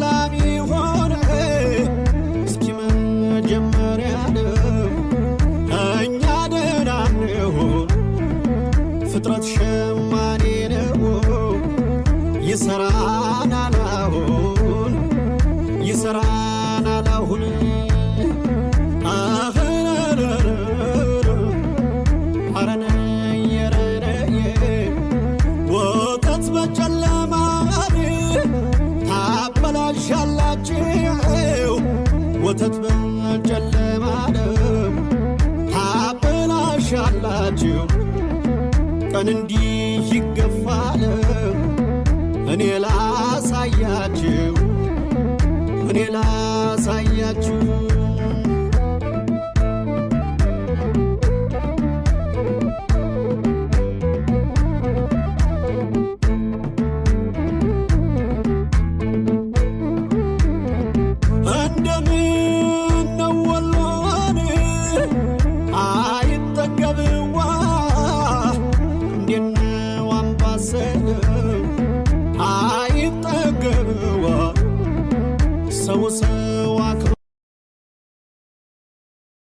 ሰላም ይሆነ እስኪ መጀመሪያ ነው እኛ ደህና እንሁን። ፍጥረት ሸማኔ ነው ይሰራናል አሁን ይሰራናል አሁን አረነየረነየ ወተት በጨለ ያላችሁ ቀን እንዲህ ይገፋል። እኔ ላሳያችሁ እኔ ላሳያችሁ እንደምን I was.